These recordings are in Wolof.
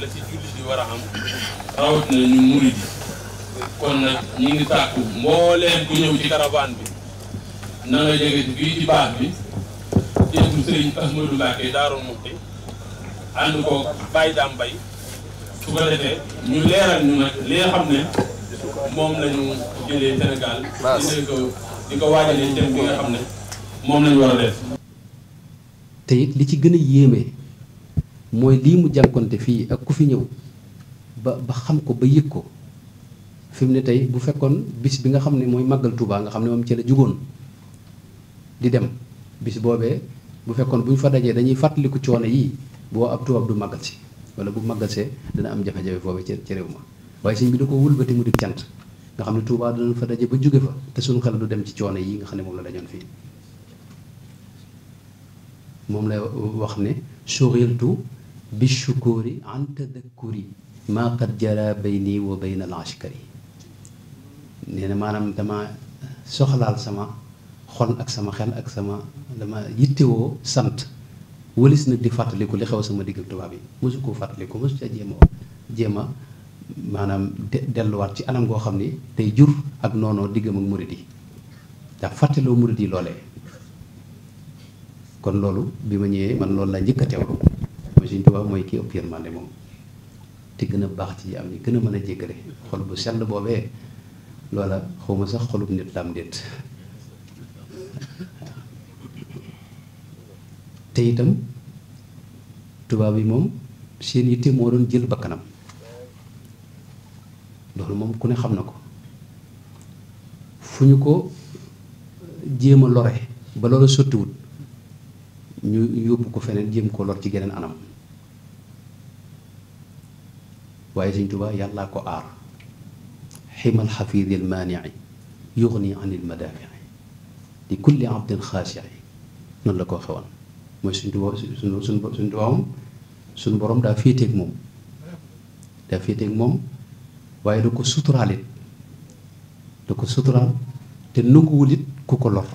la ci jullit yi war a am rawat na ñu murid yi kon nag ñi ngi tàkku mbooleen ku ñëw ci garabaan bi na nga jóge ci baax bi jëndu sëriñ Ahmadou Mbacke Daaru Muxti ànd ko Baye Dame Mbaye su defee ñu leeral ñu nag li xam ne moom lañu ñu jëlee Sénégal di ko di waajalee thème bi nga xam ne moom la war a def te li ci gën a yéeme mooy lii mu jànkonte fii ak ku fi ñëw ba ba xam ko ba yëg ko fi mu ne tey bu fekkoon bis bi nga xam ne mooy màggal Touba nga xam ne moom ci la di dem bis boobee bu fekkoon bu ñu fa dajee dañuy fàttaliku coono yii boo ab tubaab du màggal si wala bu màggal see am jafe-jafe boobee ci ci réew waaye sëñ bi da ko wëlbati mu di cant xam ne Touba dana fa daje ba jóge fa te suñu xel du dem ci coono yi nga xam ne moom la dañoon fii moom lay wax ne sourire tout bi shukuri an tadakkuri maa qad bay niiwoo wa na al ashkari nee na maanaam dama soxlaal sama xol ak sama xel ak sama dama yittewoo sant wëlis nag di fàttaliku li xew sama diggal tubaab yi mosu koo fàttaliku mosu ca jéema jéema maanaam delluwaat ci anam goo xam ni tey jur ak noonoo diggam ak murit yi ndax fàttaloo murit yi kon loolu bi ma ñëwee man loolu laa njëkk a teewlu Sëriñ mooy kii ëpp yërmande moom te gën a baax ci am ñi gën a mën a jéggale xol bu sell boobee loola xawma sax xolub nit la am déet te itam tubaab yi moom seen yitte moo doon jël bakkanam loolu moom ku ne xam na ko fu ñu ko jéem a lore ba loolu sottiwut ñu yóbbu ko feneen jéem ko lor ci geneen anam waaye sëñ Tuubaa yàllaa ko aar ximal xafiidil maanici yuxni anil madaafici li kulli abdin xaasici noonu la ko waxee mooy sëñ Tuubaa suñu suñ sëñ Tuubaa moom suñu borom daa féeteeg moom daa féeteeg moom waaye du ko suturaal it da ko suturaal te nanguwul it ku ko lor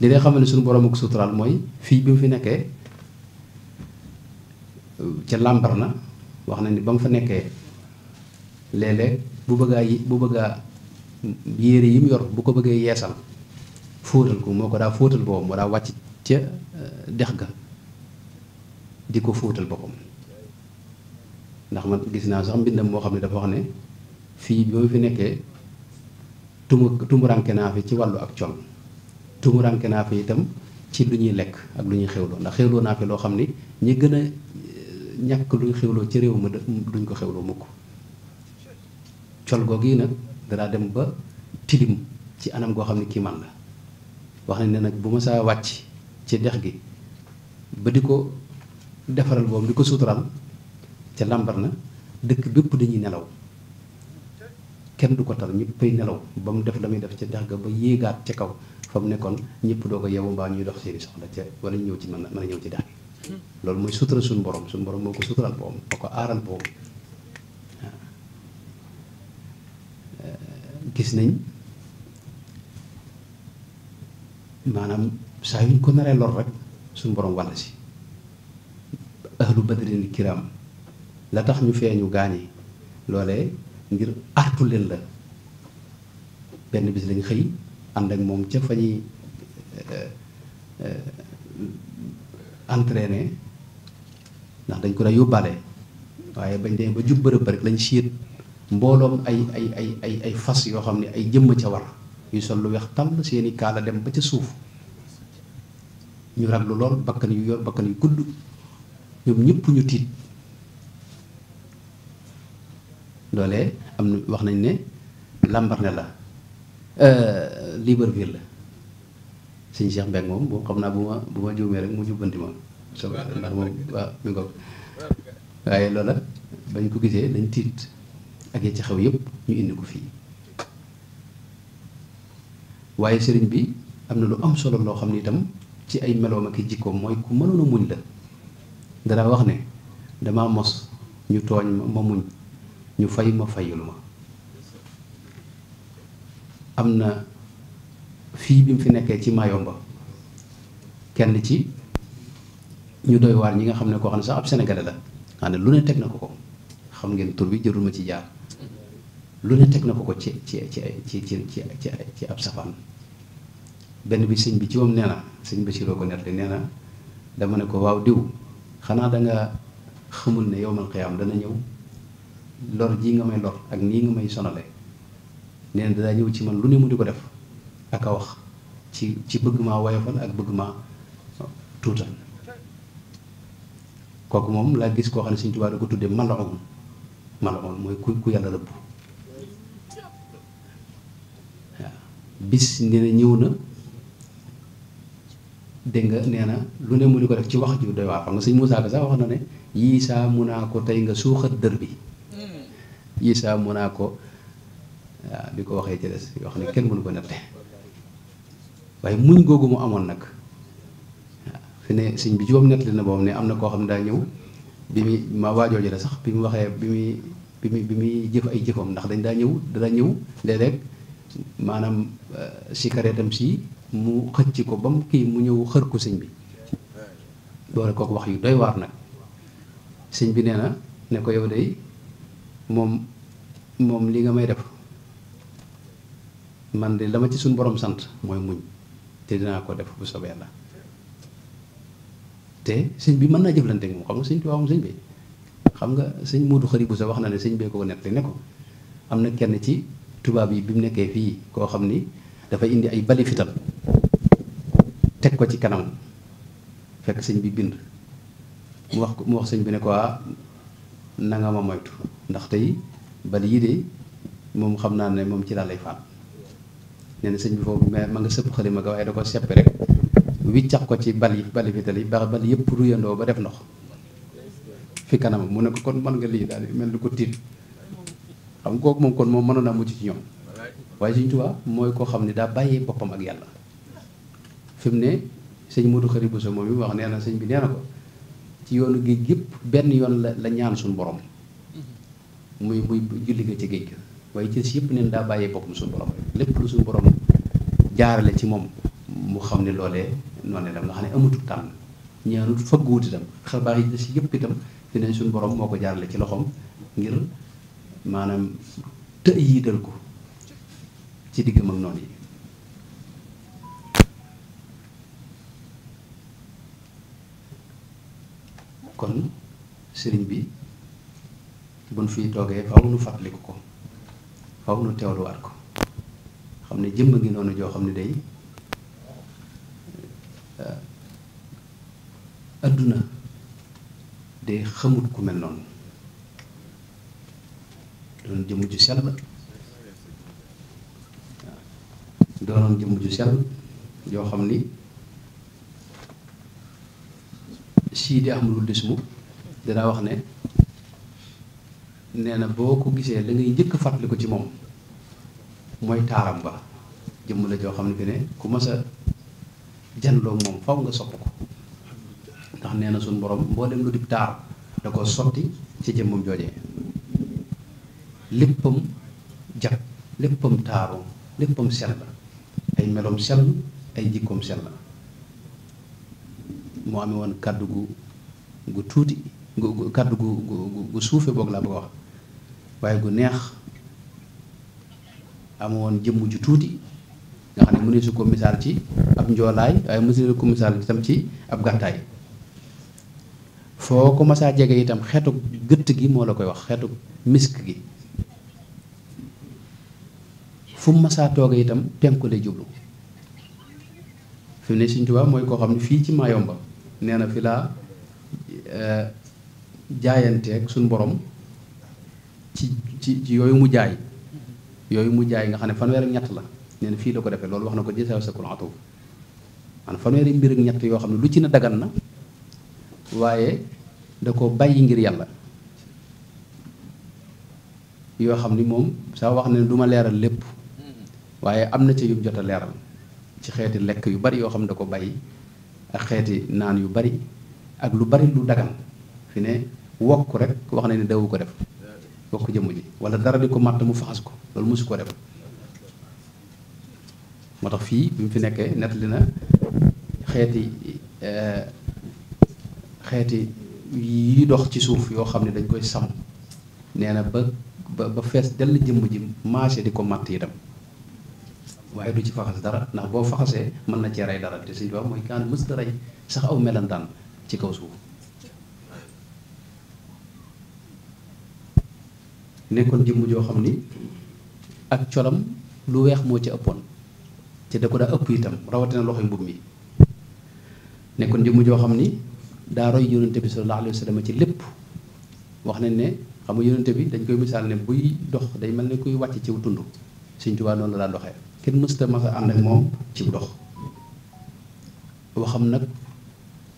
li nga xam ne suñu borom ak suturaal mooy fii bi mu fi nekkee ca làmbar na wax na ni ba mu fa nekkee léeg bu bëggaa yi bu bëggaa yére yi mu yor bu ko bëggee yeesal fóotal ko moo ko daa fóotal boppam moo daa wàcc ca euh, dex ga di ko fóotal boppam ndax man gis naa sax mbindam moo xam ne dafa wax ne fii bi ma fi nekkee tumu tumuranke naa fi ci wàllu ak con tumuranke naa fi itam ci lu ñuy lekk ak lu ñuy xewloo ndax xewloo naa loo xam ni ñi gën a ñàkk luy xewloo ci réew ma duñ ko xewloo mukk col goog yi nag danaa dem ba tilim ci anam goo xam ne kii man la wax nañ ne nag bu ma saa wàcc ci dex gi ba di ko defaral boobu di ko suutural ca làmbar na dëkk bépp dañuy nelaw kenn du ko tal ñëppay nelaw ba mu def la muy def ca dex ga ba yéegaat ca kaw fa mu nekkoon ñëpp doo ko yeewu mbaa ñuy dox seeni soxla ca wala ñëw ci mën a a ñëw ci dex gi loolu mooy sutura suñu borom suñ borom moo ko suturaal boom moo ko aaral boom gis nañ maanaam saa yuñ ko naree lor rek suñu borom wàll si ahlu badrin kiram la tax ñu feeñu gaan yi loole ngir artu leen la benn bis lañ xëy ànd ak moom ca fa ñuy eh, eh, entraîné ndax dañ ko daa yóbbaale waaye bañ demee ba jub bërëb rek lañ siit mbooloom ay ay ay ay ay fas yoo xam ne ay jëmm ca war yu sol lu weex tàll seeni kaala dem ba ca suuf ñu raglu lool bakkan yu yor bakkan yu gudd ñoom ñëpp ñu tiit loolee am na wax nañ ne Lambaréné la euh, Libreville la sëñ Cheikh Mbeng moom boo xam naa bu ma bu ma juumee rek mu jubbanti ma so ndax moom waaw mi ngoog waaye loola bañ ko gisee dañ tiit ak yi ci xew yépp ñu indi ko fii waaye sëriñ bi am na lu am solo loo xam ne itam ci ay meloom ak i jikkoom mooy ku mënoon muñ la dara wax ne dama mos ñu tooñ ma muñ ñu fay ma fayul ma am na fii bi mu fi nekkee ci Mayomba kenn ci ñu dooy waar ñi nga xam ne koo xam ne sax ab sénégalais la xam ne lu ne teg na ko ko xam ngeen tur bi jërul ma ci jaar lu ne teg na ko ko ci ci ci ci ci ci ci ab safaan benn bi sëñ bi ci moom nee na sëñ Bachiroo ko nettali nee na dama ne ko waaw diw xanaa da nga xamul ne yowmal xiyaam dana ñëw lor jii nga may lor ak nii nga may sonale nee na daa ñëw ci man lu ne mu di ko def. ak wax ci ci bëgg maa woyofal ak bëgg maa tuutal kooku moom laa gis koo xam ne suñ Tuubaa da ko tuddee malaxoon malaxoon mooy ku ku yàlla rëbb waaw bis nee ne ñëw na dégg nga nee na lu ne mu ni ko rek ci wax ju doy waa xam nga Sëñ Moussa sax wax na ne yii saa mun naa ko tey nga suuxat dër bi hmm. yii saa mun naa ko waaw bi ko waxee ci des yoo xam ne kenn mënu ko nette waaye muñ googu mu amoon nag fi ne sëñ bi juróom nettali na boobu ne am na koo xam ne daa ñëw bi muy ma waajoo jële sax bi mu waxee bi muy bi muy bi muy jëf ay jëfam ndax dañ daa ñëw dana ñëw léeg-léeg maanaam euh, sikareetam si mu xëcc ko ba mu kii mu ñëw xër ko sëñ bi boole kooku wax yu doy waar nag sëñ bi nee na ne ko yow de moom moom li nga may def man de la ci suñ borom sant mooy muñ te dinaa ko def bu sobee la te sëñ bi mën naa jëflante moom xam nga sëñ Tuubaa moom sëñ bi xam nga sëñ Moodu Xari wax na ne sëñ bee ko nettali ne ko am na kenn ci tubaab yi bi mu nekkee fii koo xam ni dafay indi ay bali fital teg ko ci kanam fekk sëñ bi bind mu wax mu wax sëñ bi ne ko ah, na nga ma moytu ndax tey bali yii de moom xam naa ne moom ci laa lay faat nee sëñ bi foofu mais ma nga sëpp xalima ga waaye da ko seppi rek wiccax ko ci bal yi bali yi ba bal yëpp ruyandoo ba def ndox fi kanam mu ne ko kon mën nga lii daal mel ni ko tiit xam nga kooku moom kon moom mënoon naa mucc ci ñoom waaye Sëñ mooy koo xam ne daa bàyyee boppam ak yàlla fi mu ne sëñ Modou Khari Bousso moom mi wax nee na sëñ bi nee ko ci yoonu géej gépp benn yoon la la ñaan suñu borom muy muy julli ga ci géej waaye ci yëpp neen daa bàyyee boppam suñu borom rek lépp lu suñu borom jaarale ci moom mu xam ne loole noonu la dem nga xam ne amatul tànn ñaanut fagguwut itam xabaar yi ci yëpp itam fi ne suñu borom moo ko jaarale ci loxoom ngir maanaam të yi dal ko ci diggam ak noonu yi kon sëriñ bi buñ fii toogee faw nu fàttaliku ko faw nu teewluwaat ko xam ne jëmm ngi noonu joo xam ne day àdduna eh, day xamut ku mel noonu doon jëmm ju sell waaw doonoon jëmm ju sell joo xam ni sii di amul des mu danaa wax ne nee na boo ko gisee la ngay jëkk fàttali ko ci moom mooy taaram ba jëmm la joo xam ne bi ne ku mas a moom faw nga sopp ko ndax nee na suñ borom mboolem lu di taar da ko sotti ci jëmmam joojee léppam jag léppam taaru léppam sell ay meloom sell ay jikkoom sell moo amee woon kàddu gu gu tuuti gu kàddu gu gu gu suufe boog laa bëgg wax waaye gu neex amoon jëmm ju tuuti nga xam ne mu ne su ko misaal ci ab njoolaay waaye mu ne ko misaal ci ab gàttaay foo ko masaa jege itam xeetu gëtt gi moo la koy wax xeetu misk gi fu mu masaa tooge itam penku lay jublu fi ne Sëñ mooy koo xam ne fii ci Mayomba nee na fi laa eh, jaayanteeg suñ borom ci ci ci yooyu mu jaay yooyu mu jaay nga xam ne fanweer ak ñett la nee fii da ko defee loolu wax na ko jësaw sa kulantu maanaam fanweeri mbir ak ñett yoo xam ne lu ci na dagan na waaye da ko bàyyi ngir yàlla yoo xam ni moom saa wax ne du ma leeral lépp waaye am na ci yum jot a leeral ci xeeti lekk yu bari yoo xam ne da ko bàyyi ak xeeti naan yu bari ak lu bari lu dagan fi ne wokk rek wax na ne dawu ko def bokk jëmm ji wala dara di ko màtt mu faxas ko loolu mosu ko def moo tax fii bi mu fi nekkee nettali na xeeti eh, xeeti yi dox ci suuf yoo xam ne dañ koy sam nee na ba ba ba fees dell jëmm ji marché di ko màtt itam waaye du ci faxas dara ndax boo faxasee mën na cee rey dara te suñ boobu mooy kaani mës da rey sax aw melentaan ci kaw suuf nekkoon jëmm joo xam ni ak colam lu weex moo ci ëppoon te da ko daa ëpp itam rawatina loxoy mbubb mi nekkoon jëmm joo xam ni daa roy yónnante bi sallallahu alayhi wa sallam ci lépp wax nañ ne xam nga yónnante bi dañ koy misaal ne buy dox day mel ne kuy wàcc ci tund Sëñ Tuubaa noonu la daan doxee kenn mësta mas a ànd ak moom ci dox waxam nag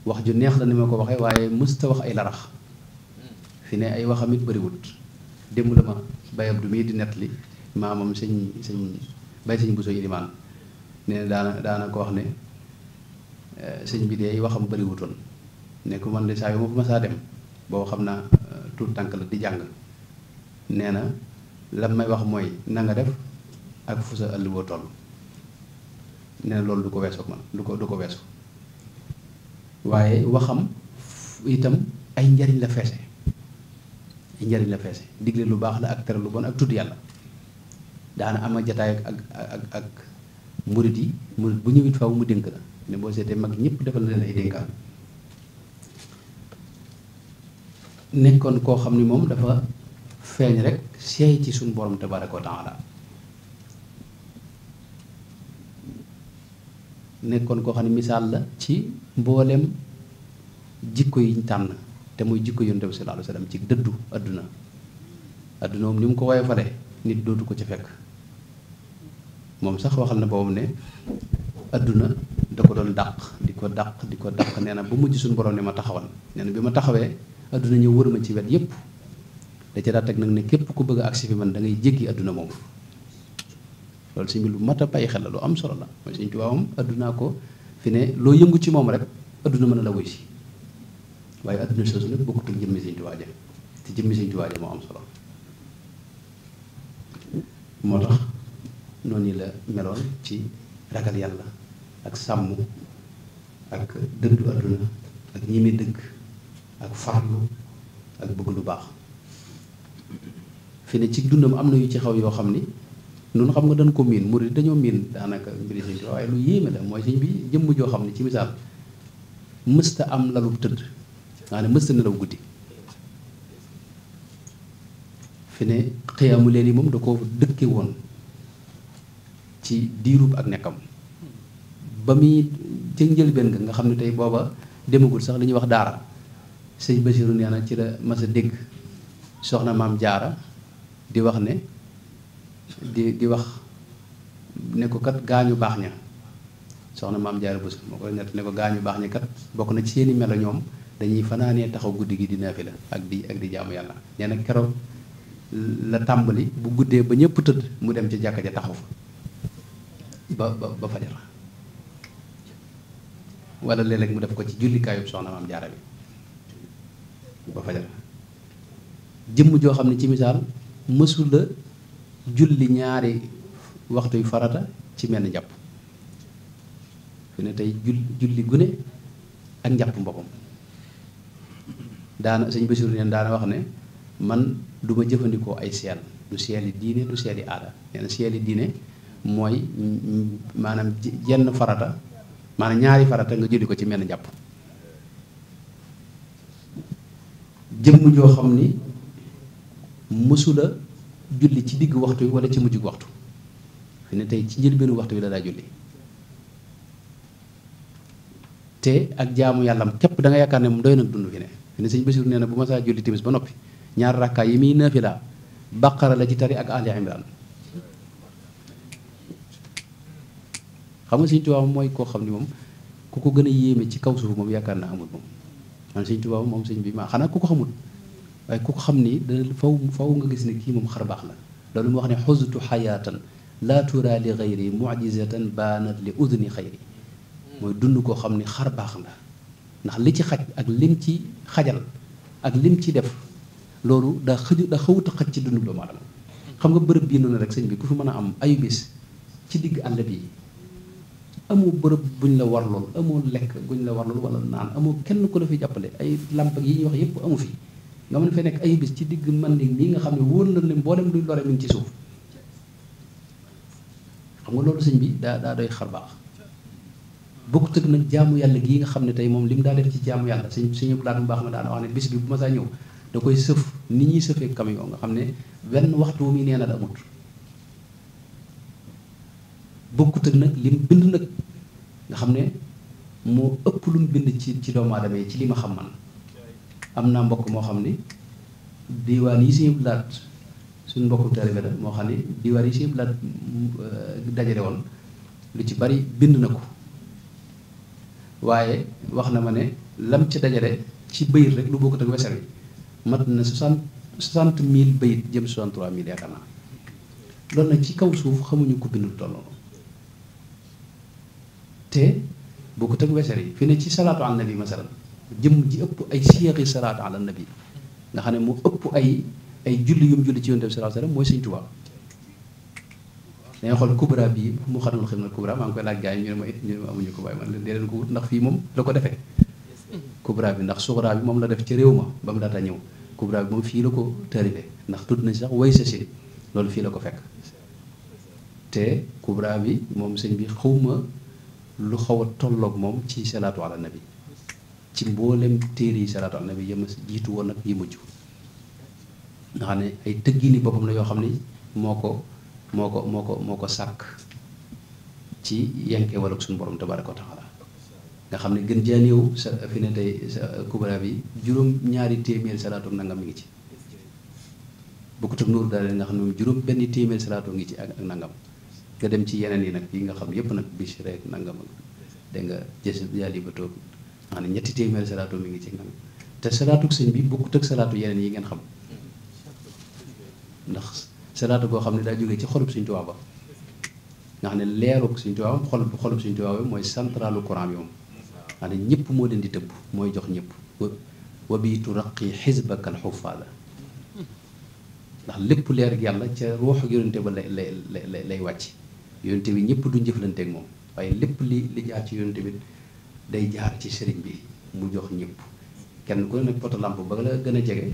wax ju neex la ni ma ko waxee waaye mësta wax ay larax fi ne ay waxam it bëriwut démb la ma Baye Abdou mii di nettali maamam sëñ sëñ bay sëñ Bousso Ilimaan nee na daana daana ko wax ne eh, sëñ bi dee waxam bariwutoon ne ko man de saa yu ma fa masaa dem boo xam naa eh, tuut tànk la di jàng nee na lam may wax mooy na nga def ak fu sa ëll boo toll nee loolu du ko weesu ak man du ko du ko weesu waaye waxam itam ay njariñ la feese ci njariñ la feese digle lu baax la ak tere lu bon ak tudd yàlla daana ama jataay ak ak ak murit yi murit bu ñëwit faw mu dénk la ne boo seetee mag ñëpp defal na leen nekkoon koo xam ni moom dafa feeñ rek seey ci suñu borom tabaraka wa la nekkoon koo xam ne misaal la ci mbooleem jikko yi ñu tànn te muy jikko yonent bi sallallahu alayhi wa sallam ci dëddu adduna adduna moom ni mu ko woye fale nit dootu ko ci fekk moom sax waxal na boobu ne àdduna da ko doon dàq di ko dàq di ko dàq nee na ba mujj suñu borom ne ma taxawal nee na bi ma taxawee adduna ñëw wër ma ci wet yépp da ci daa nag ne képp ku bëgg a agsi fi man da ngay jéggi adduna moom loolu sëñ bi lu mat a bàyyi xel la lu am solo la mooy sëñ tubaabam addunaa ko fi ne loo yëngu ci moom rek adduna mën a la waaye adduna soosu lépp bokkut ak jëmmi Sëñ Tuubaa ja te jëmmi Sëñ Tuubaa ja moo am solo moo tax noonu la meloon ci ragal yàlla ak sàmm ak dëddu adduna ak ñimi dëkk ak farlu ak bëgg lu baax fi ne ci dundam am na yu ci xaw yoo xam ni noonu xam nga dañ ko miin murid dañoo miin daanaka mbiri Sëñ Tuubaa waaye lu yéeme la mooy sëñ bi jëmm joo xam ne ci misaal mësta am lalub tëdd nga xam ne mës nelaw guddi fi ne xiyaamu leen yi moom da ko dëkke woon ci diirub ak nekkam ba muy ca njëlbeen nga nga xam ne tey booba demagul sax li ñuy wax daara sëñ Basiru nee na ci la mas dégg soxna maam jaara di wax ne di di wax ne ko kat gaañu baax ña soxna maam jaara bés moo ko nett ne gaañu baax ña kat bokk na ci seeni melo ñoom dañuy fanaanee taxaw guddi gi di naafila ak di ak di jaamu yàlla nee keroog la tàmbali bu guddee ba ñépp tëdd mu dem ci jàkka ja taxaw fa ba ba ba fajar wala léeg mu def ko ci jullikaayub soxna maam jaara bi ba fajar jëmm joo xam ne ci misaal mësula julli ñaari waxtu yu farata ci menn njàpp fi ne tey julli gune ak njàpp mboppam daana sëñ Basiru neen daana wax ne man duma jëfandikoo ay seel du seel yi diine du seel yi aada nee na seel diine mooy maanaam jenn farata maanaam ñaari farata nga jëli ko ci mel menn jàpp jëm joo xam ni mësula julli ci digg waxtu wi wala ci mujjug waxtu fi ne tey ci njëlbeenu waxtu wi la daa julli te ak jaamu yàllam képp da nga yaakaar ne moom doy na dund fi ne ne sëñ Basiru nee na bu ma saa julli timis ba noppi ñaar rakkaa yi muy naafila baqara la ci tari ak ali imran xam nga sëñ Tuubaa mooy koo xam ne moom ku ko gën a yéeme ci kaw suuf moom yaakaar naa amul moom man sëñ Tuubaa moom sëñ bi maa xanaa ku ko xamul waaye ku ko xam ni dana faw faw nga gis ne kii moom xar baax la loolu mu wax ne xustu xayaatan laa turaa li xayri mucjizatan baanat li udni xayri mooy dund koo xam ni xar baax na ndax li ci xaj ak lim ci xajal ak lim ci def loolu daa xëju daa xawut a xaj ci dundu doomu aadama xam nga bërëb bii noonu rek sëñ bi ku fi mën a am ayu bis ci digg àll bi amoo bërëb buñ la war lool amoo lekk buñ la war lool wala naan amoo kenn ku la fi jàppale ay làmp yi ñuy wax yëpp amu fi nga mën nekk ayu bis ci digg man ni nga xam ne wóor na ne mboolem luy lore mi ci suuf xam nga loolu sëñ bi daa daa doy xar baax bokkut ak nag jaamu yàlla gii nga xam ne tey moom li mu daa def ci jaamu yàlla suñu daan mu baax ma daana wax ne bis bi bu ma saa ñëw da koy sëf ni ñuy sëfee camion nga xam ne wenn waxtu wu muy nee amut bokkut nag lim bind nag nga xam ne moo ëpp lu bind ci ci doomu aadama yi ci li ma xam man am naa mbokk moo xam ne diwaan yi suñu laat suñu mbokku taalibe la moo xam ne diwaan yi suñu laat euh, dajale woon lu ci bari bind na ko waaye wax na ma ne lam ci dajale ci bayit rek lu bokkut ak wesel yi mat na soixante soixante mille bayit jëm soixante trois mille yaakaar naa loolu nag ci kaw suuf xamuñu ko bindul toll te bokkut ak yi fi ne ci salaatu ala nabi masalan jëm ji ëpp ay si siyaxi salaatu ala nabi nga xam ne mu ëpp ay ay julli yum julli ci yonent bi sallallahu alayhi wasallam mooy Sëñ Tuubaa danga xool kubra bi mu xatul xim na kubra maa ngi koy laaj gars yi ñu ne ma ñu ne ma amuñu ko bàyyi man leen dee leen ko wut ndax fii moom la ko defee kubra bi ndax suxra bi moom la def ci réew ma ba mu daata ñëw kubra bi moom fii la ko tëribe ndax tudd na sax way sa loolu fii la ko fekk te kubra bi moom sëñ bi xawma lu xaw a tollook moom ci salaatu ala nabi ci mboolem téere yi salaatu ala nabi yema jiitu woon ak yi mujj nga ne ay tëggini boppam la yoo xam ne moo ko moo ko moo ko moo ko sàkk ci yanke wala suñu borom bare wa taala nga xam ne gën jaa néew sa fi ne tey sa kubra bi juróom ñaari téeméer salaatu nangam mi ngi ci bokkut ak daal nga xam ne moom juróom ngi ci ak nangam nga dem ci yeneen yi nag yi nga xam yëpp nag bis rek nangam ak dégg nga jës jaali ba toog xam ne ñetti téeméeri salaatu mi ngi ci nangam te salaatu sëñ bi bokkut ak salaatu yeneen yi ngeen xam ndax. salaatu goo xam ne daa jógee ci xolub Sëñ Tuubaa ba nga xam ne leeruk Sëñ Tuubaa ba bi mooy centralu Quran bi moo leen di tëbb mooy jox ñëpp wa bii turaqi xisbakal xufaada lépp leer ak yàlla ca ruux yonente bi ñëpp duñ jëflanteeg moom waaye lépp li li jaar ci yoon bi day jaar ci sëriñ bi mu jox ñëpp kenn ku ne nag poto làmp ba la gën a jege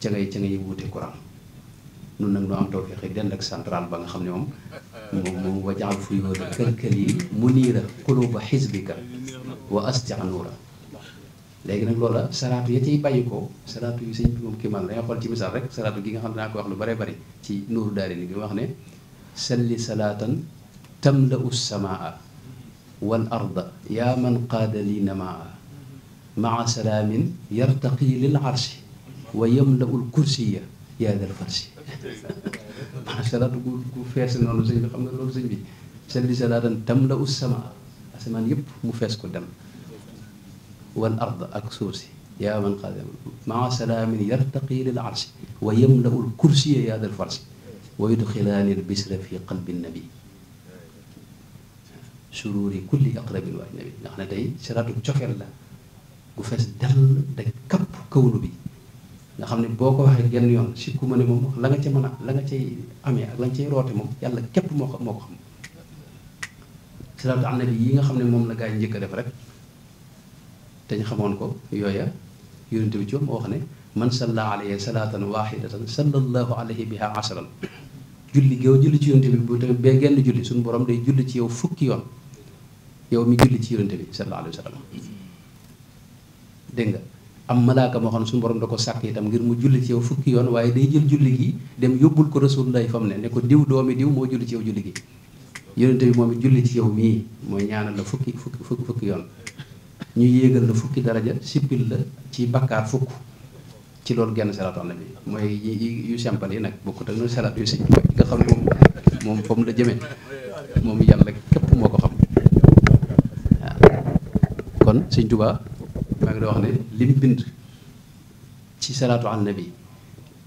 ca ngay ca ngay wuute Quran noonu nag noo am taw fexe dend ak central ba nga xam ne moom moom moom wajaal fuyoo da kalkal yi muniira xuluba xisbika wa astianuura léegi nag loola salaatu ya ciy bàyyi ko salaatu yu sëñ bi moom kiimaan la danga xool ci misaal rek salaatu gi nga xam ne naa ko wax lu bare bari ci nuuru daal ni bi wax ne salli salaatan tamla'u samaa wal arda yaa man qaada li namaa maa salaamin yartaqi lil arshi wa yamla'u l kursiya yaa dal farsi maasalaatu gu gu fees noonu sëñ bi xam nga loolu sëñ bi seen li salaatan tam la us sama asamaan yëpp mu fees ko dem wal ard ak suuf si yaa man xaadam maa salaamin yartaqi lil arsi wa yamlau l kursiya yaa dal farsi wa yudxilaani l bisra fi qalbi nabi sururi kulli aqrabin waaj nabi nga xam ne tey salaatu cofeel la gu fees dell da kapp kawlu bi nga xam ne boo ko waxee genn yoon si ma ne moom la nga ca mën a la nga cay amee ak la nga cay roote moom yàlla képp moo ko moo ko xam salaatu ala yi nga xam ne moom la gaa yi njëkk a def rek te ñu xamoon ko yooya yonente bi ci wax ne man salla alayhi salaatan waxidatan sallallahu alayhi biha asran julli géew julli ci yonente bi bu tamit bee genn julli suñu borom day julli ci yaw fukki yoon yow mi julli ci yonente bi sallallahu alayhi wa sallam dégg am malaaka moo xam ne suñu borom da ko sàkk itam ngir mu julli ci yow fukki yoon waaye day jël julli gi dem yóbbul ko Rasulullah fa mu ne ne ko diw doomi diw moo julli ci yow julli gi yonente bi moom it julli ci yow mii mooy ñaanal la fukki fukki fukki fukki yoon ñu yéegal la fukki daraja sippil la ci bakkaar fukk ci loolu genn salatoon la bi mooy yu simple yi nag bokkut ak salat yu sëñ nga xam moom moom fa mu la jëmee moom yàlla képp moo ko xam kon sëñ Tuubaa Mbàkke da wax ne lim bind ci salaatu al nabi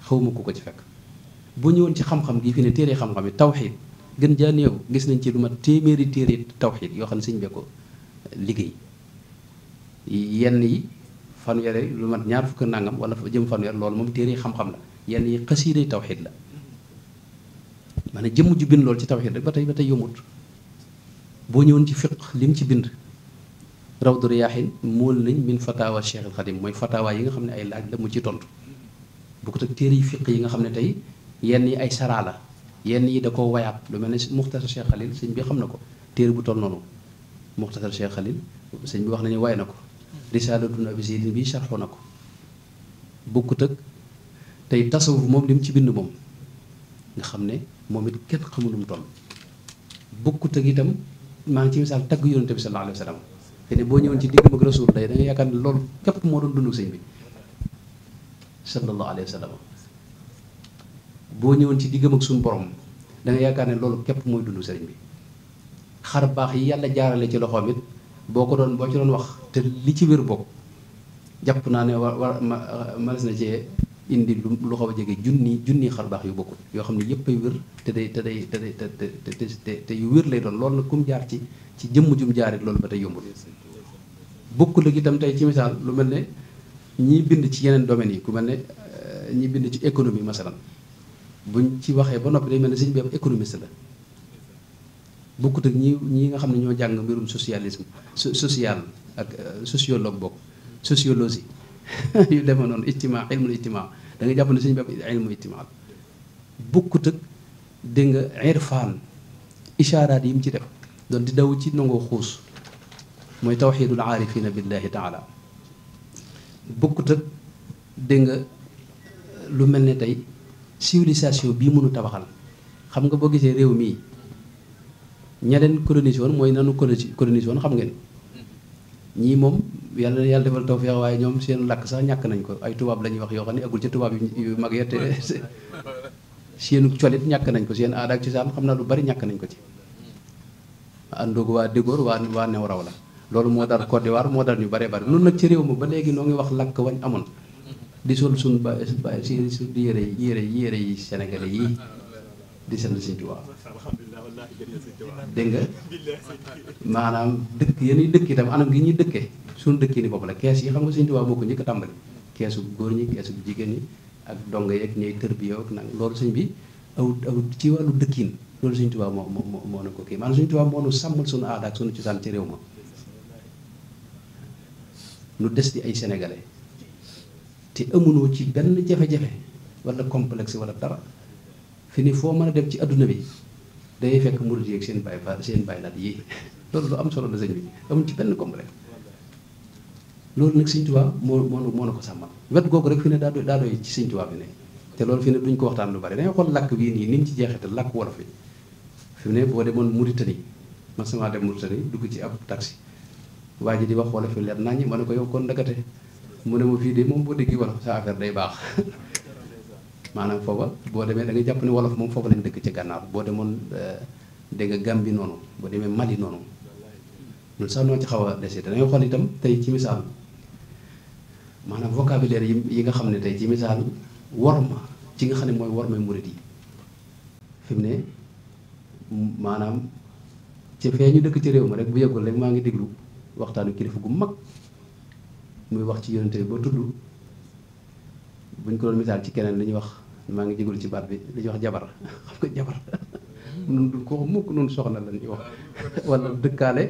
xawma ku ko ci fekk boo ñëwoon ci xam-xam gi fi ne téere xam-xam yi tawxiid gën jaa gis nañ ci lu mat téeméeri téere tawxiid yoo xam ne sëñ bee ko yenn yi lu mat ñaar fukk nangam wala jëm moom téere xam-xam la yenn yi xasiiday tawxiid la maanaam jëmm ju bind loolu ci tawxiid rek ba tey ba tey yombut boo ñëwoon ci fiq lim ci bind rawdu riyaaxin mool nañ min fatawa Cheikh Alxadim mooy fatawa yi nga xam ne ay laaj la mu ci tontu bu ko teg téere yi fiq yi nga xam ne tey yenn yi ay saraa la yenn yi da ko wayaab lu mel ne muxtasar Cheikh Xalil sëñ bi xam na ko téere bu toll noonu muxtasar Cheikh Xalil sëñ wax nañu way na ko risaalatun abi zaydin bi sarxu na ko bokkut ak tey tasawuf moom lim ci bind moom nga xam ne moom it kenn xamul lu mu toll bokkut ak itam maa ngi ci misaal tagg yonente bi sallallahu alayhi wa te ne boo ñëwoon ci diggam ak rasul day da nga yaakaar ne loolu képp moo doon dund sëñ bi sallallahu alayhi boo ñëwoon ci diggam ak suñu borom da yaakaar ne loolu képp mooy dund sëriñ bi xar baax yi yàlla jaarale ci loxoom it boo ko doon boo ci doon wax te li ci wér bokk jàpp naa ne war war ma mënees na ci indi lu lu xaw a jege junni junni xar yu bokkul yoo xam ne yëpp ay wér te day te day te day te te yu wér lay doon loolu nag kum jaar ci ci jëmm jum jaarit loolu ba tey yombul bokkul ak itam tey ci misaal lu mel ne ñiy bind ci yeneen domaines yi ku mel ne euh, ñi bind ci économie masalan buñ ci waxee ba noppi day mel ne sëñ bi am économiste la bokkut ak ñi ñi nga xam ne ñoo jàng mbirum socialisme social ak euh, sociologue bokk sociologie yu demee noonu ijtimaa ilmul ijtimaa da nga jàpp ne suñu bépp ilmu ijtimaa la bukkut ak dégg nga irfaan ishaaraat yi mu ci def doon di daw ci nangoo xuus mooy tawxiidul aarifina billahi taala bukkut ak dégg nga lu mel ni tey civilisation bii mënu tabaxal xam nga boo gisee réew mii ña leen mooy nanu colonise woon xam ngeen ñii moom yàlla yàlla defal tawfeex waaye ñoom seen làkk sax ñàkk nañ ko ay tubaab la wax yoo xam ne eggul ci tubaab yu mag yette seenu colit ñàkk nañ ko seen aada ak cosaan xam naa lu bari ñàkk nañ ko ci àndoog waa Dégóor waa waa new raw la loolu moo dara Côte moo dal ñu bare bari noonu nag ci réew ma ba léegi noo ngi wax làkk wañ amoon di sol suñ ba su yére yére yére yi Sénégalais yi di seen Sëñ Tuubaa dégg nga maanaam dëkk yenuy dëkk itam anam gi ñuy dëkkee suñu dëkk yi ni kees yi xam nga Sëñ Tuubaa moo ko njëkk a tàmbali keesu góor ñi keesu jigéen ñi ak dongo yeeg ñooy tër bi yow ak nag loolu sëñ bi aw ci wàllu dëkkin loolu Sëñ Tuubaa moo moo ko kii maanaam Sëñ Tuubaa moo nu sàmmal suñu aada ak suñu cosaan ci réew ma nu des di ay sénégalais te amunoo ci benn jafe-jafe wala complexe wala dara fi ni foo mën a dem ci àdduna bi dañuy fekk murid yi ak seen baay ba seen baay laat yi loolu lu am solo la sëñ bi amuñ ci benn complexe loolu nag sëñ Tuubaa moo moo moo na ko sàmmal wet googu rek fi ne daa doy daa doy ci sëñ Tuubaa bi ne te loolu fi ne duñ ko waxtaan lu bari dañoo xool làkk bii nii ni ñu ci jeexete làkk wolof yi fi mu ne boo demoon Mauritanie man sama dem Mauritanie dugg ci ab taxi waa ji di wax wolof yi leer naa ñi ma ne ko yow kon ndagate mu ne ma fii de moom boo déggee wolof sa day baax maanaam foofa boo demee da jàpp ne wolof moom foofu lañ dëkk ci gànnaar boo demoon euh, dégg nga bi noonu boo demee Mali noonu loolu sax noo ci xaw a dese danañ xool itam tey ci misaal maanaam vocabulaire yi yi nga xam ne tey ci misaal worma ci nga xam ne mooy wormay murit yi fi mu ne maanaam ci fee ñu dëkk ci réew ma rek bu yëgul rek maa ngi déglu waxtaanu kilifa gu mag muy wax ci yonente bi ba tudd buñ ko doon misaal ci keneen li wax maa ngi jégalu ci baat bi lu jox jabar xam nga jabar nun dul ko wax mukk nun soxna la ñuy wax wala dëkkaale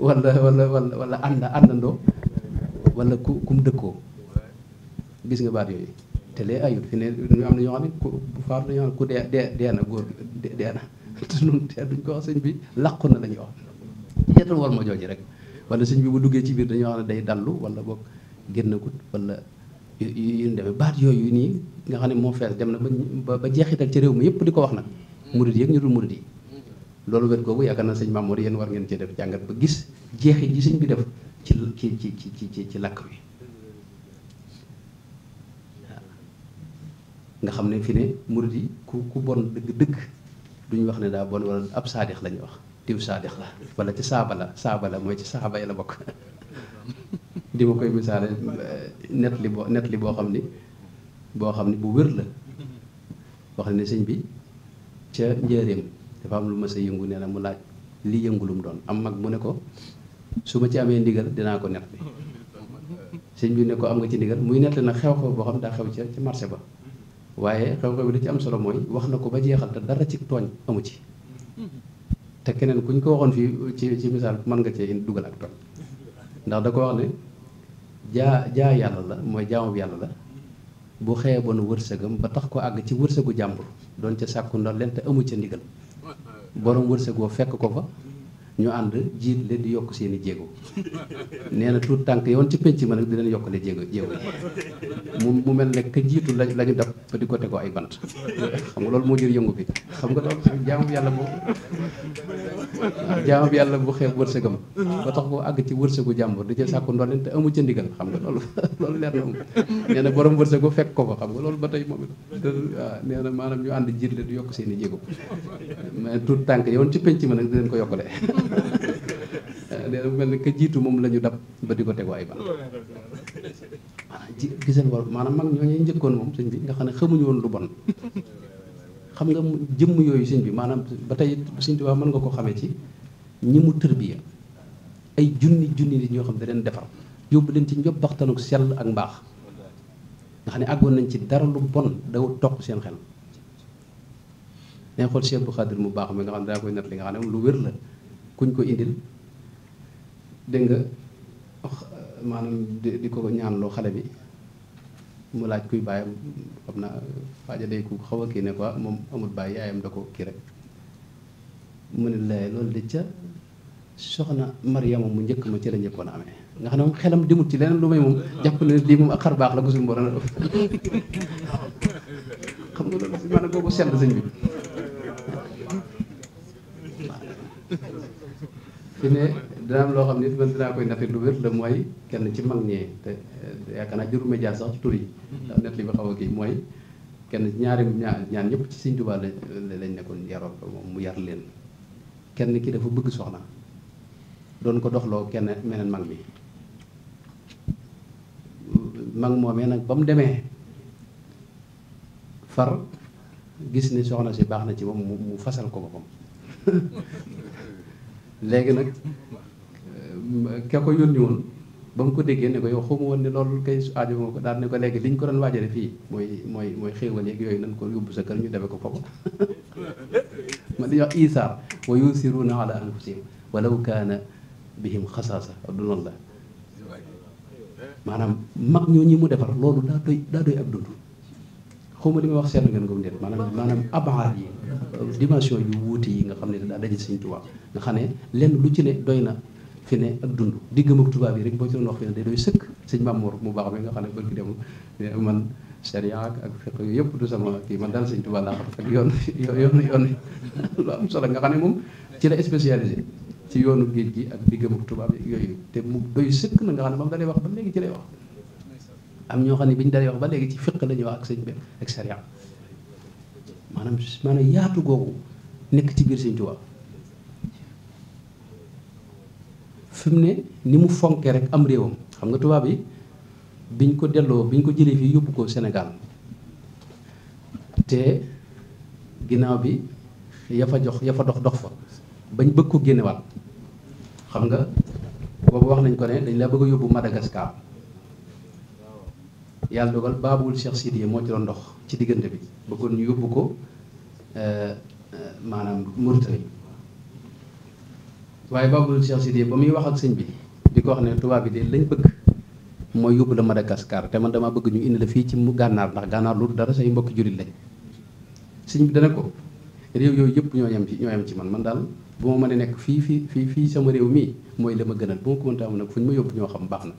wala wala wala wala ànd àndandoo wala ku kum dëkkoo gis nga baat yooyu te lee ayut fi ne ñu am na ñoo xam ne ku faatu na ñoo xam ne ku dee dee dee na na te nun te duñ ko wax sëñ bi làqu na la ñuy wax yeetal war ma jooju rek wala sëñ bi bu duggee ci biir dañoo xam na day dallu wala boog génnagut wala yu ñu demee baat yooyu nii nga xam ne moo fees dem na ba ba jeexital ci réew mi yëpp di ko wax nag mm. murid yëg ñu dul murid yi mm. loolu wet googu yaakaar naa sëñ Mamour yéen war ngeen cee def jàngat ba gis jeexit ji sëñ bi def ci ci ci ci ci làkk wi nga xam ne fi ne murid yi ku ku bon dëgg-dëgg duñu wax ne daa bon wala ab saadix la ñuy wax diw saadix la wala ci saaba la saaba la mooy ci saaba yi la bokk di ma koy misaale eh, net li boo net li boo xam ni boo xam ni bu wér la wax na ne sëñ bi ca njëriñ dafa am lu ma sa yëngu nee na mu laaj li yëngu lu mu doon am mag mu ne ko su ma ci amee ndigal dinaa ko net sëñ bi ne am nga ci ndigal muy net li nag xew-xew boo xam ne daa xew ca ci marché ba waaye xew-xew bi da ci am solo mooy wax na ko ba jeexal te dara ci tooñ amu ci te keneen kuñ ko waxoon fii ci ci misaal mën nga cee dugal ak tooñ ndax da ko wax ne jaa jaa yàlla la mooy jaamu yàlla la bu xeeboon wërsëgam ba tax ko àgg ci wërsëgu jàmbur doon ca sàkku ndor leen te amu ca ndigal borom wërsëgoo fekk ko fa ñu ànd jiit leen di yokk seen i jéego nee na tuut tànk yoon ci penc ma nag di leen yokkale jéego jéego mu mu mel ne que la la ñu dab ba di ko ay bant xam nga loolu moo jur yëngu bi xam nga loolu jaamu yàlla bu jaamu yàlla bu xeeb wërsëgam ba tax ko àgg ci wërsëgu jàmbur di ca sàkku ndolleen te amu ca xam nga loolu loolu leer na moom nee na borom wërsëgu fekk ko xam nga loolu ba tey moom it waaw ah, nee na maanaam ñu ànd jiit leen di yokk seen i jéego tànk yoon ci penc ma nag di leen ko yokkale nee na mel ne que jiitu moom lañu ñu dab ba di ko tegu ay baax ah ji maanaam mag ñoo ñuy njëkkoon moom sëñ bi nga xam ne xamuñu woon lu bon xam nga jëmm yooyu sëñ bi maanaam ba tey sëñ Tuubaa mën nga ko xamee ci ñi mu tërbiya ay junni junni nit ñoo xam ne daleen defar yóbbu leen ci ñoom baxtanuk sell ak mbaax nga xam ne àggoon nañ ci dara lu bon daw toq seen xel. dañ xool Cheikh Abdou mu baax mi nga xam ne daa koy nat li nga xam ne lu wér la. kuñ ko indil dégg nga maanaam di ko loo xale bi mu laaj kuy bàyyam xam naa waaja day ku xaw a kii ne quoi moom amul bàyyi yaayam da ko kii rek mu ne lay loolu de ca soxna Mariama mu njëkk ma ca la njëkkoon amee nga xam ne moom xelam demut ci leneen lu may moom la gusul mbooloo bi fi ne dina am loo xam ne man dinaa koy natt lu wér la mooy kenn ci mag ñee te eh, yaakaar naa jëru média sax ci tur yi. Mm-hmm. ndax net li xaw a kii mooy kenn ñaari ñaar ñaan ñëpp ci Sëñ Tuubaa lañ nekkoon yaroon ko moom mu yar leen kenn ki dafa bëgg soxna doon ko doxloo kenn meneen mag mi mag moomee nag ba mu demee far gis ni soxna si baax na ci moom mu fasal ko boppam léegi nag euh, ka ko yónni woon ba mu ko déggee ne ko yow xamu woon ne loolu kay aajo ko daal ne ko lekk li ñu ko doon waajale fii mooy mooy mooy xéewal yeeg yooyu nañ ko yóbbu sa kër ñu defe ko foofu man dañuy wax isaar wa yusiruuna ala anfusihim walaw kaana bihim xasaasa la maanaam mag ñoo ñi mu defar loolu daa doy daa doy ab dund xaw ma li may wax seetlu ngeen ko déet maanaam maanaam abaar yi dimension yu wuute yi nga xam ne daa daje Sëñ Tuubaa nga xam ne lenn lu ci ne doy na fi ne ak dund diggam ak tubaab yi rek boo ci doon wax fi ne day doy sëkk Sëñ Maam Mor mu baax mi nga xam ne barki dem man sariya ak ak fiq yëpp du sama kii man daal Sëñ Tuubaa laa xam ak yoon yoon yoon lu am solo nga xam ne moom ci la spécialisé ci yoonu géej gi ak diggam ak tubaab yi yooyu te mu doy sëkk na nga xam ne moom da lay wax ba léegi ci lay wax am ñoo xam ne bi ñu dalee wax ba léegi ci fiq la ñuy wax ak sëñ bi ak sariya maanaam maanaam yaatu googu nekk ci biir sëñ Tuubaa fi ne ni mu fonke rek am réewam xam nga tubaab yi biñ ko delloo biñ ko jëlee fii yóbbu ko Sénégal te ginnaaw bi ya fa jox ya fa dox dox fa bañ bëgg ko génnewaat xam nga boobu wax nañ ko ne dañ laa bëgg yóbbu Madagascar yàlla dogal baabul Cheikh Sidiye moo ci doon ndox ci diggante bi bëggoon ñu yóbbu ko euh, maanaam Mauritanie waaye baabul Cheikh Sidiye ba muy wax ak sëñ bi di ko wax ne tubaab bi de lañ bëgg mooy yóbbu la Madagascar te man dama bëgg ñu indi la fii ci mu gànnaar ndax gànnaar lu dara say mbokki jullit lañ sëñ bi dana ko réew yooyu yëpp ñoo yem ci ñoo yem ci man man daal bu ma mënee nekk fii fii fii fii sama réew mii mooy la ma gënal bu ma ko mënta am nag fu ñu ma yóbbu ñoo xam baax na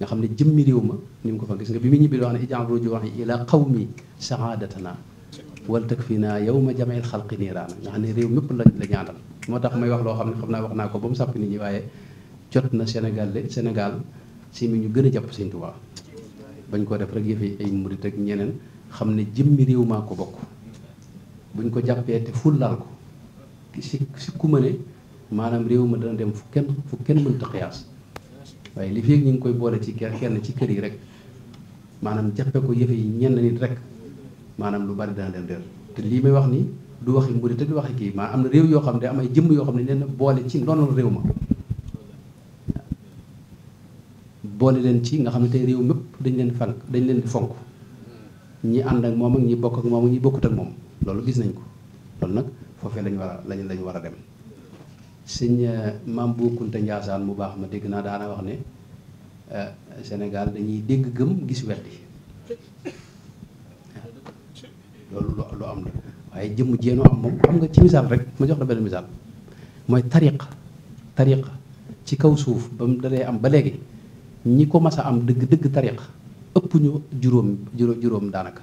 nga xam ne jëmmi réew ma ni mu ko fa gis nga bi mu ñibbi wax ne ijaam ruju wax ila qawmi saadatana wal takfina yawma jamil xalqi niiraana nga xam ne réew mépp la la ñaanal moo tax may wax loo xam ne xam naa wax naa ko ba mu sàpp jot na Sénégal le Sénégal mi ñu gën a jàpp Sëñ Tuubaa bañ ko def rek yëfi ay murit ñeneen xam ne jëmmi réew maa ko bokk buñ ko jàppee te fullaal ko si ne maanaam réew ma dana dem fu kenn fu kenn mënta xiyaas waaye li feeg ñu ngi koy boole ci kenn ci kër yi rek maanaam jàppe ko yëfe yi ñenn nit rek maanaam lu bari dana leen réer te lii may wax ni du waxi mburi te du waxi kii maa am na réew yoo xam ne am ay jëmm yoo xam ne leen boole ci ndonal réew ma boole leen ci nga xam ne tey réew mépp dañ leen fank dañ leen fonk ñi ànd ak moom ak ñi bokk ak moom ak ñi bokkut ak moom loolu gis nañ ko loolu nag foofee lañu war a lañu lañ war a dem si sëñ euh, maam Bou Kounta Ndiassane mu baax ma dégg naa daana wax ne euh, Sénégal dañuy dégg gëm gis weddi loolu lu am la waaye jëmm jéeno am moom xam nga ci misaal rek ma jox la benn misaal mooy tariqa tariqa ci kaw suuf ba mu dalee am ba léegi ñi ko mas a am dëgg dëgg tariqa ëpp ñu juróom juróom daanaka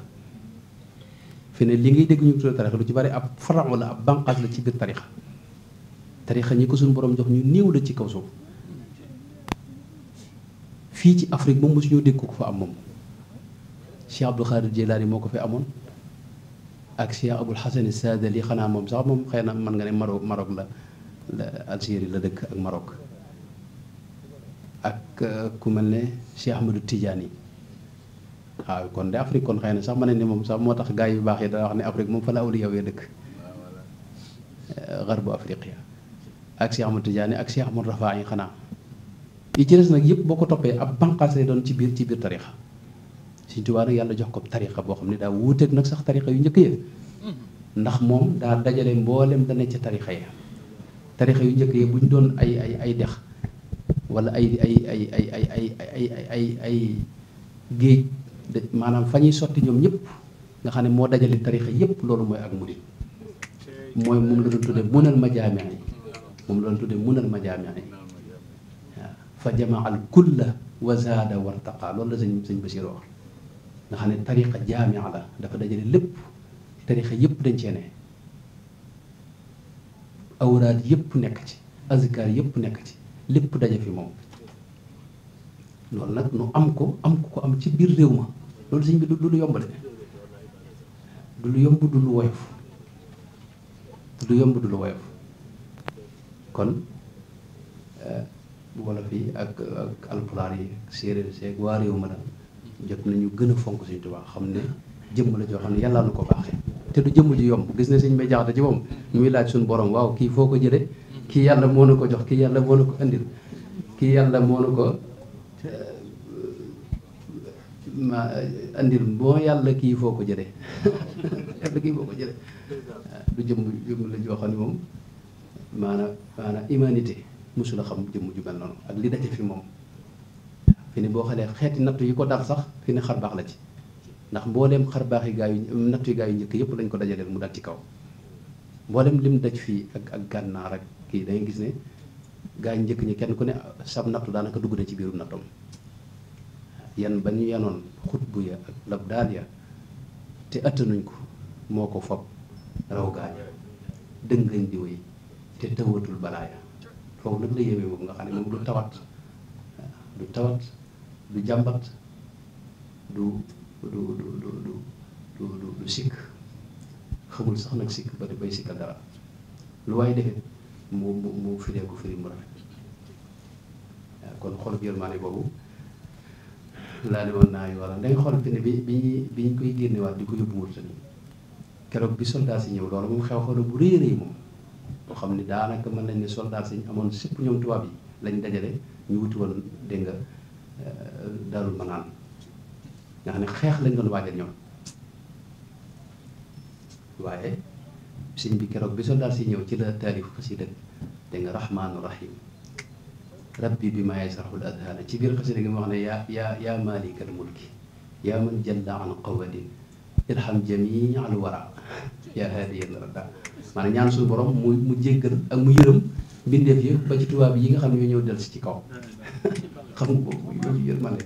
fi ne li ngay dégg ñu tudd tariqa lu ci bari ab faraw la ab banqaas la ci biir tariqa tarixa ñi ko suñu boroom jox ñu néew la ci kaw suuf fii ci Afrique moom mosuñoo dégg ko fa am moom Cheikh Abdou Khadir Jilaani moo ko fi amoon ak Abul Xasan Saadali xanaa moom sax moom xëy na man nga ne Maroc Maroc la la la dëkk ak Maroc ak euh, ku mel ne Cheikh Ahmadou Tidiane waaw kon de Afrique kon xëy na sax ma ne ni moom sax moo tax gaa yu baax yi daa wax ne Afrique moom fa la awliya ya dëkk euh, garbu Afriqiya ak Cheikh Ahmad Tidiane ak Cheikh Ahmad Rafaay xanaa yi ci des nag yëpp boo ko toppee ab bànqaas doon ci biir ci biir tarixa Sëñ Tuubaa yàlla jox ko tarixa boo xam ne daa wuuteeg nag sax tarixa yu njëkk ya ndax moom dajale mboolem da nekk ci tarixa ya yu njëkk ya bu ñu doon ay ay ay dex wala ay ay ay ay ay ay ay ay ay géej maanaam fa ñuy sotti ñoom ñëpp nga xam ne moo dajalee tarixa yëpp loolu mooy ak murit mooy moom la doon tudde mënal ma jaamee moom loolu tuddee munal majaami waaw fa jamaal kulla wa zaada wartaqa loolu la sëñ sëñ Basiru ne tariqa jaamia la dafa dajale lépp tariqa yëpp dañ cee ne awraad yëpp nekk ci azkar yëpp nekk ci lépp daje fi moom loolu nag nu am ko am ko am ci biir réew ma loolu sëñ bi du lu yomb de du lu yomb du lu woyof lu yomb du lu woyof kon wolof eh, yi ak ak alpulaar yi ak séeréer seeg waa réew ma daal jot nañu gën a fonk Sëñ Tuubaa xam ne jëmm la joo xam ne yàlla na ko te du jëmm ji yomb gis ne Sëñ ba Jaxate ci moom muy laaj suñu borom waaw kii foo ko jëlee kii yàlla moo na ko jox kii yàlla moo na ko indil kii yàlla moo na ko eh, ma andil eh, yàlla kii foo ko jëlee yàlla kii foo du jëmm jëmm la joo xam maanaam maanaam humanité a xam jëmm ju mel noonu ak li daje fi moom fi ne boo xalee xeeti nattu yi ko dal sax fi ne xar baax la ci ndax mbooleem xar baax yi gaa yu nattu yi gaa yu njëkk yëpp lañ ko dajaleel mu dal ci kaw mbooleem lim daj fii ak ak gànnaar ak kii da gis ne gaa njëkk ñi kenn ku ne sab nattu daanaka dugg na ci biirum nattoom yan ba ñu yanoon xutbu ya ak labdaan ya te attanuñ ko moo ko fob raw gaañ dëngañ di wéy te tëwatul balaaya foofu nag la yéeme moom nga xam ne moom du tawat du tawat du jàmbat du du du du du du du sikk xamul sax nag sikk ba bay sikkal dara lu waaye defee mu mu mu firee ko firi mu rafet kon xol yërmaane boobu laa ne woon naa yu walla danga xol fi ne bi bi bi ñu koy génnewaat di ko yóbbu Mauritanie keroog bi soldat si ñëw loolu moom xew xew bu réeréy moom boo xam ne daanaka mën nañ ne soldat yi amoon sipp ñoom tubaab yi lañu dajale ñu wuti woon dégg nga euh, Daarul Manaan nga xam ne xeex lañ doon waajal ñoom waaye sëñ bi keroog bi soldat si ñëw ci la taalif xasida dégg nga rahmaanu rahim rabbi bi maa yasrahul adhaana ci biir xasida gi mu wax ne yaa yaa yaa maalikal mulki yaa man jalla an qawadin irham jamii al yaa haadi yéen la daal maanaam ñaan suñu borom mu mu jéggal ak mu yërëm mbindeef yëpp ba ci tubaab yi nga xam ne ñoo ñëw del si ci kaw xam nga ko muy xam ne moom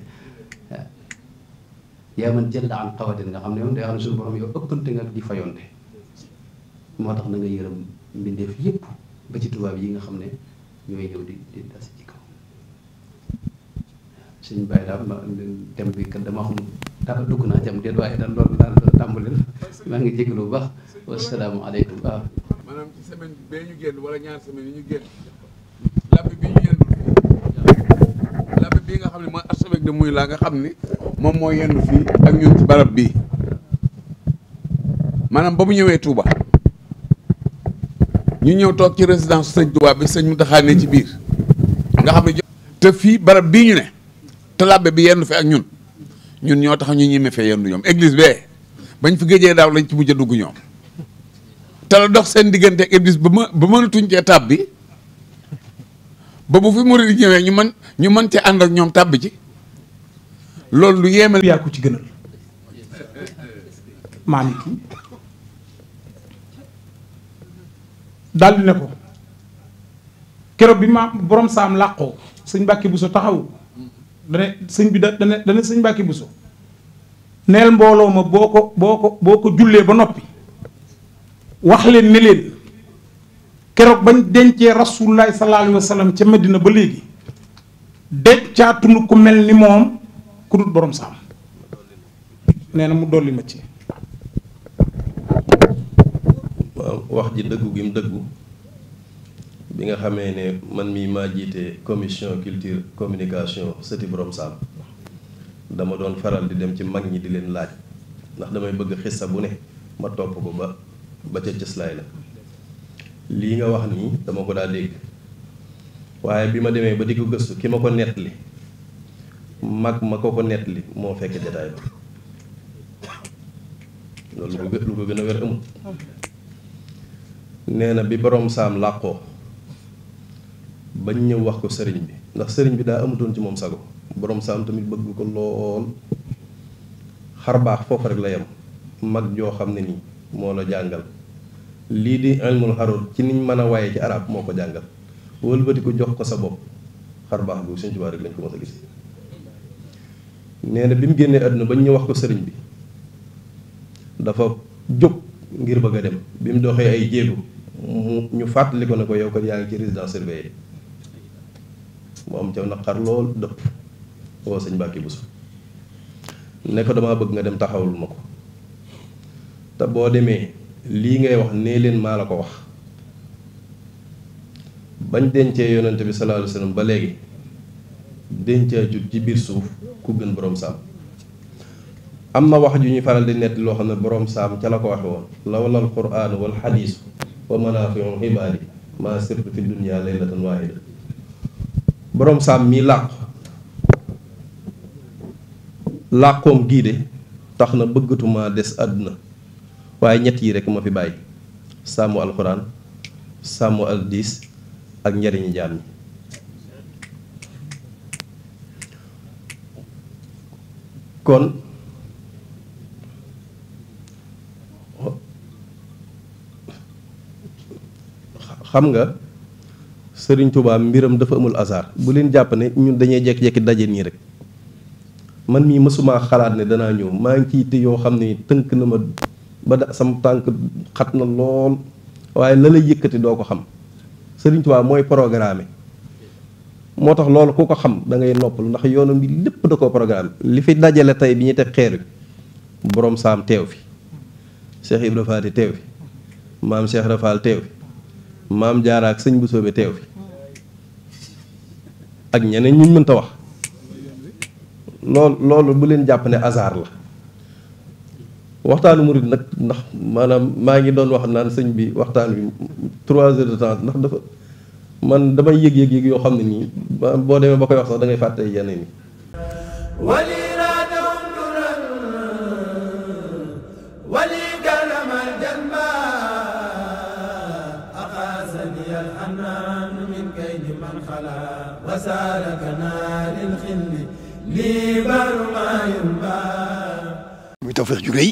borom yow ëppante di fayonte tax na nga yërëm mbindeef yëpp tubaab yi nga xam ne ñooy ñëw di di dasi ci kaw suñ bàyyi daal dem bi kat dama xam ndax dugg naa jam déet waaye dañ doon daal tàmbalil maa ngi jégalu bu baax wasalaamaaleykum waaw maanaam ci semaine bi ñu génn wala ñaar semaine ñu génn labbi nga xam ne mooy archevêque de muy laa nga xam ni moom moo yendu fii ak ñun ci barab bii maanaam ba mu ñëwee tuuba ñu ñëw toog ci résidence sëñ Touba bi sëñ Mountakha ci biir nga xam ne te fii barab bii ñu ne te labbe bi yendu fi ak ñun ñun ñoo tax ñu ñeme fee yendu ñoom église bee bañ fi géejee daaw lañ ci mujj a dugg ñoom te la dox seen diggante ak ba ma ba mënatuñ cee tàbb bi ba bu fi murid ñëwee ñu man ñu mën cee ànd ak ñoom tàbb ci loolu lu yéeme yaa ko ci gënal maalik yi daldi ne ko keroog bi ma borom saam làqoo sëñ Mbàkke bu sa taxaw dane sëñ bi da dane dane sëñ Mbàkke Buso neel mbooloo ma boo ko boo ko boo ko jullee ba noppi wax leen ne leen keroog ba dencee rasulullahi sallallahu ca Medina ba léegi dencaatunu ku mel ni moom ku dul borom saam nee na mu dolli ma ci waaw wax ji dëggu gi mu dëggu li nga xamee ne man mii maa jiite commission culture communication sëti borom Sam dama doon faral di dem ci mag ñi di leen laaj ndax damay bëgg xissa bu ne ma topp ko ba ba ca cëslaay la lii nga wax nii dama ko daa dégg waaye bi ma demee ba di ko gëstu ki ma ko nettali mag ma ko ko nettali moo fekk jataay ba loolu lu ko gën a wér amul mm-hmm. nee na bi borom saam làqoo bañ ñëw wax ko sëriñ bi ndax sëriñ bi daa amatoon ci moom sago borom saam tamit bëgg ko lool xar baax foofu rek la yem mag joo xam ne nii moo la jàngal lii di ilmul xaroot ci niñ mën a waaye ci araab moo ko jàngal wëlbati ko jox ko sa bopp xar baax bu Sëriñ Tuubaa rek lañ ko mos a gis nee bi mu génnee àdduna bañ ñu wax ko sëriñ bi dafa jóg ngir bëgg a dem bi mu doxee ay jéego mu ñu fàttali ko ko yow kat yaa ngi ci résidence surveillée mu am ca naqar lool dëpp woo sëñ Mbàkke Buso ne ko damaa bëgg nga dem taxawul ma ko te boo demee lii ngay wax ne leen maa la ko wax bañ dencee yonente bi sallallahu alayhi wasallam ba léegi dencee jut ci biir suuf ku gën boroom saam am na wax ju ñuy faral di nett loo xam ne borom saam ca la ko waxe woon lawla al quraan wal xadiisu wa manaafiu xibaari maa sirtu fi dunya laylatan waahida boroom saam mi làqu làqoom gii de tax na bëggatuma des àdduna waaye ñett yi rek ma fi bàyyi sàmm alxuraan sàmm aldis ak njariñu jaam kon xam nga sëriñ tubaab mbiram dafa amul hasard bu leen jàpp ne ñun dañuy jekki-jekki daje nii rek man mii mësumaa xalaat ne danaa ñëw maa ngi te yoo xam ne tënk na ma ba da sam tànk xat na lool waaye la lay yëkkati doo ko xam sëriñ Touba mooy programme moo tax loolu ku ko xam dangay ngay noppal ndax yoonam bi lépp da ko programme li fi dajale tey bi ñuy teg xeer bi boroom saam teew fi Cheikh Ibra Faati teew fi maam Cheikh Rafal teew fi maam Jaara ak sëñ Bousso bi teew fi ak ñeneen ñuñ mënta wax loolu loolu bu leen jàpp ne hasard la waxtaanu murid nag ndax maanaam maa ngi doon wax naan sëñ bi waxtaan bi trois heures de temps ndax dafa man damay yëg-yëg-yëg yoo xam ne nii boo demee ba koy wax sax da ngay fàtte yeneen yi muy tawfeex ju rëy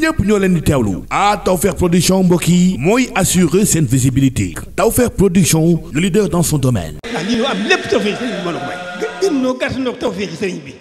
ñëpp ñoo leen di teewlu ah Tawfekh production mbokk yi mooy assurer seen visibilité Tawfekh production le leader dans son domaine. ah lii am lépp Tawfekh sëriñ bi mën may. gën noo gàtt noo Tawfekh sëriñ bi.